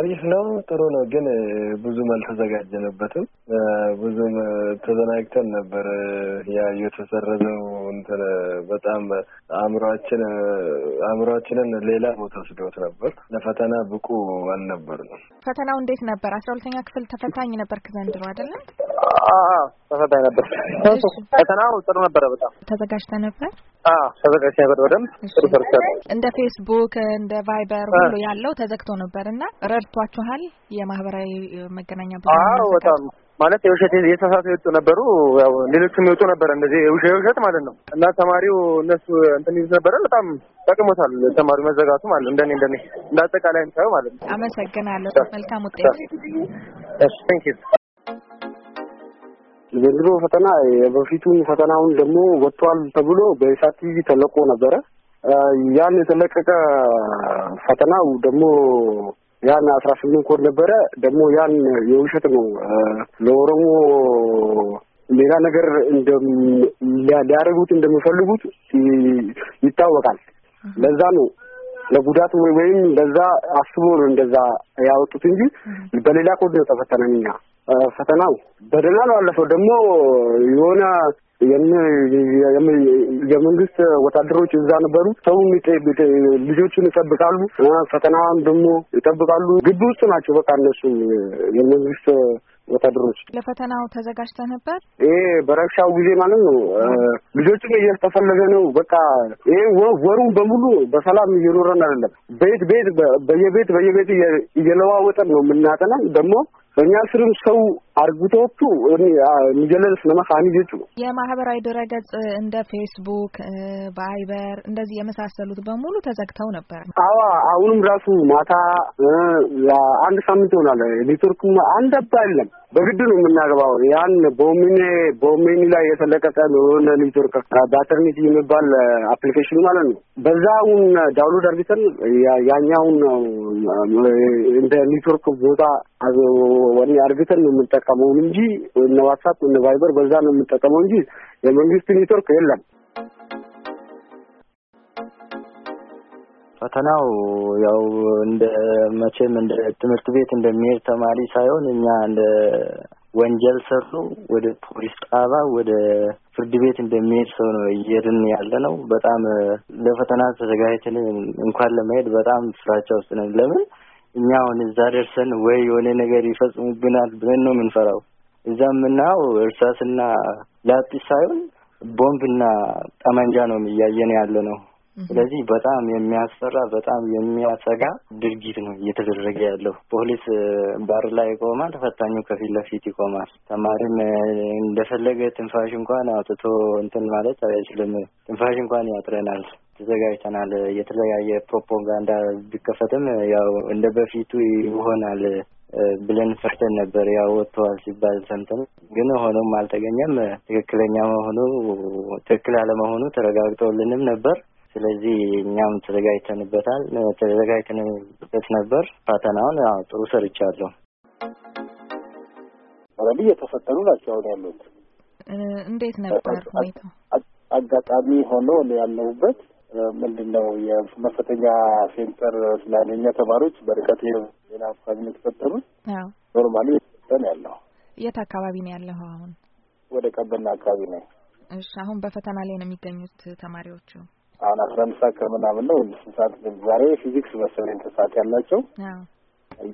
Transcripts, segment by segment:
አሪፍ ነው፣ ጥሩ ነው፣ ግን ብዙም አልተዘጋጀንበትም። ብዙም ተዘናግተን ነበር። ያ የተሰረዘው እንትን በጣም አእምሯችን አእምሯችንን ሌላ ቦታ ወስዶት ነበር። ለፈተና ብቁ አልነበርንም። ፈተናው እንዴት ነበር? አስራ ሁለተኛ ክፍል ተፈታኝ ነበርክ ዘንድሮ አይደለም? ተፈታኝ ነበር። ፈተናው ጥሩ ነበረ። በጣም ተዘጋጅተ ነበር ሸበቀ በደንብ እንደ ፌስቡክ እንደ ቫይበር ሁሉ ያለው ተዘግቶ ነበር እና ረድቷችኋል። የማህበራዊ መገናኛ ብዙሃን በጣም ማለት የውሸት የተሳሳቱ የወጡ ነበሩ። ያው ሌሎችም የወጡ ነበረ እንደዚህ የውሸት ማለት ነው እና ተማሪው እነሱ እንትን ይዙ ነበረ። በጣም ጠቅሞታል ተማሪው መዘጋቱ ማለት ነው። እንደኔ እንደኔ እንደ አጠቃላይ ማለት ነው። አመሰግናለሁ። መልካም ውጤት። ታንኪዩ የድሮ ፈተና የበፊቱን ፈተናውን ደግሞ ወጥቷል ተብሎ በኢሳት ቲቪ ተለቆ ነበረ። ያን የተለቀቀ ፈተናው ደግሞ ያን አስራ ስምንት ኮድ ነበረ ደግሞ ያን የውሸት ነው ለኦሮሞ ሌላ ነገር ሊያደርጉት እንደሚፈልጉት ይታወቃል። ለዛ ነው ለጉዳት ወይም ለዛ አስቦ ነው እንደዛ ያወጡት እንጂ በሌላ ኮድ ነው ተፈተነን እኛ ፈተናው በደህና ነው አለፈው። ደግሞ የሆነ የመንግስት ወታደሮች እዛ ነበሩ። ሰው ልጆቹን ይጠብቃሉ፣ ፈተናዋን ደግሞ ይጠብቃሉ። ግቢ ውስጥ ናቸው። በቃ እነሱ የመንግስት ወታደሮች ለፈተናው ተዘጋጅተ ነበር? ይሄ በረብሻው ጊዜ ማለት ነው። ልጆችም እየተፈለገ ነው። በቃ ይሄ ወሩን በሙሉ በሰላም እየኖረን አይደለም። ቤት ቤት በየቤት በየቤት እየለዋወጠን ነው የምናጠናን ደግሞ በእኛ ስርም ሰው አርግቶቱ የሚገለልስ ነማ ካኒ ጅጩ የማህበራዊ ድረገጽ እንደ ፌስቡክ፣ ቫይበር እንደዚህ የመሳሰሉት በሙሉ ተዘግተው ነበር። አዎ አሁንም ራሱ ማታ አንድ ሳምንት ይሆናል። ኔትወርክ አንድ አባ የለም። በግድ ነው የምናገባው። ያን ቦሚኔ ቦሚኒ ላይ የተለቀቀ የሆነ ኔትወርክ ባተርኒት የሚባል አፕሊኬሽን ማለት ነው። በዛ አሁን ዳውንሎድ አርግተን ያኛውን እንደ ኔትወርክ ቦታ ወደ አርግተን ነው የምንጠቀመው እንጂ እነ ዋትሳፕ እነ ቫይበር በዛ ነው የምንጠቀመው እንጂ የመንግስት ኔትወርክ የለም። ፈተናው ያው እንደ መቼም እንደ ትምህርት ቤት እንደሚሄድ ተማሪ ሳይሆን እኛ እንደ ወንጀል ሰሩ ወደ ፖሊስ ጣባ ወደ ፍርድ ቤት እንደሚሄድ ሰው ነው እየሄድን ያለ ነው። በጣም ለፈተና ተዘጋጅተን እንኳን ለመሄድ በጣም ፍራቻ ውስጥ ነን። ለምን እኛ አሁን እዛ ደርሰን ወይ የሆነ ነገር ይፈጽሙብናል ብለን ነው የምንፈራው። እዛ የምናየው እርሳስና ላጲስ ሳይሆን ቦምብና ጠመንጃ ነው እያየን ያለ ነው። ስለዚህ በጣም የሚያስፈራ በጣም የሚያሰጋ ድርጊት ነው እየተደረገ ያለው። ፖሊስ ባር ላይ ይቆማል፣ ተፈታኙ ከፊት ለፊት ይቆማል። ተማሪም እንደፈለገ ትንፋሽ እንኳን አውጥቶ እንትን ማለት አይችልም። ትንፋሽ እንኳን ያጥረናል። ተዘጋጅተናል። የተለያየ ፕሮፓጋንዳ ቢከፈትም ያው እንደ በፊቱ ይሆናል ብለን ፈርተን ነበር። ያው ወጥተዋል ሲባል ሰምተን ግን ሆኖም አልተገኘም። ትክክለኛ መሆኑ ትክክል አለመሆኑ ተረጋግጠውልንም ነበር። ስለዚህ እኛም ተዘጋጅተንበታል ተዘጋጅተንበት ነበር። ፈተናውን ጥሩ ሰርቻለሁ። ረቢ የተፈተኑ ናቸው አሁን ያሉት። እንዴት ነበር ሁኔታው? አጋጣሚ ሆኖ ያለሁበት ምንድን ነው የመፈተኛ ሴንተር ስላለኛ ተማሪዎች በርቀት ሌላ አካባቢ ነው የተፈተኑት። ኖርማሊ የተፈተን ያለው የት አካባቢ ነው ያለው? አሁን ወደ ቀበና አካባቢ ነው። እሺ፣ አሁን በፈተና ላይ ነው የሚገኙት ተማሪዎቹ። አሁን አስራ አምስት ሰዓት ከምናምን ነው ስንት ሰዓት ዛሬ ፊዚክስ መሰለኝ ተሳት ያላቸው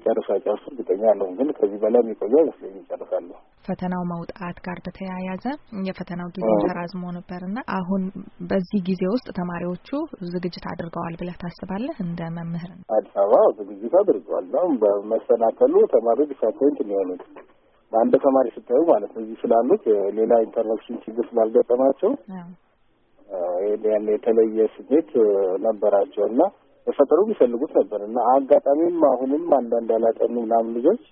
ጨርሱ እርግጠኛ ነው፣ ግን ከዚህ በላይ የሚቆዩ አይመስለኝም። ይጨርሳሉ። ፈተናው መውጣት ጋር በተያያዘ የፈተናው ጊዜ ተራዝሞ ነበር እና አሁን በዚህ ጊዜ ውስጥ ተማሪዎቹ ዝግጅት አድርገዋል ብለህ ታስባለህ? እንደ መምህር አዲስ አበባ ዝግጅት አድርገዋል ነው። በመሰናከሉ ተማሪዎች ዲስአፖይንት የሚሆኑት በአንድ ተማሪ ስታዩ ማለት ነው። እዚህ ስላሉት ሌላ ኢንተርኔክሽን ችግር ስላልገጠማቸው የተለየ ስሜት ነበራቸው እና መፈጠሩ ቢፈልጉት ነበር እና አጋጣሚም አሁንም አንዳንድ ያላጠኑ ምናምን ልጆች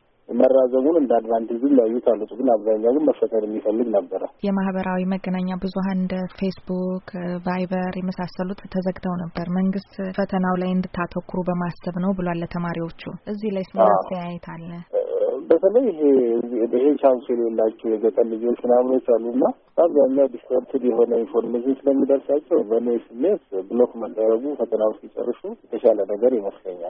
መራዘሙን እንደ አድቫንቴጅም ሊያዩት አሉት። ግን አብዛኛው ግን መፈጠር የሚፈልግ ነበረ። የማህበራዊ መገናኛ ብዙሀን እንደ ፌስቡክ፣ ቫይበር የመሳሰሉት ተዘግተው ነበር። መንግስት ፈተናው ላይ እንድታተኩሩ በማሰብ ነው ብሏል ለተማሪዎቹ። እዚህ ላይ ስ አስተያየት አለ? በተለይ ይሄ ይሄ ቻንሱ የሌላቸው የገጠር ልጆች ምናምኖች አሉና አብዛኛው ዲስተርትድ የሆነ ኢንፎርሜሽን ስለሚደርሳቸው በእኔ ስሜት ብሎክ መደረጉ ፈተናው ሲጨርሱ የተሻለ ነገር ይመስለኛል።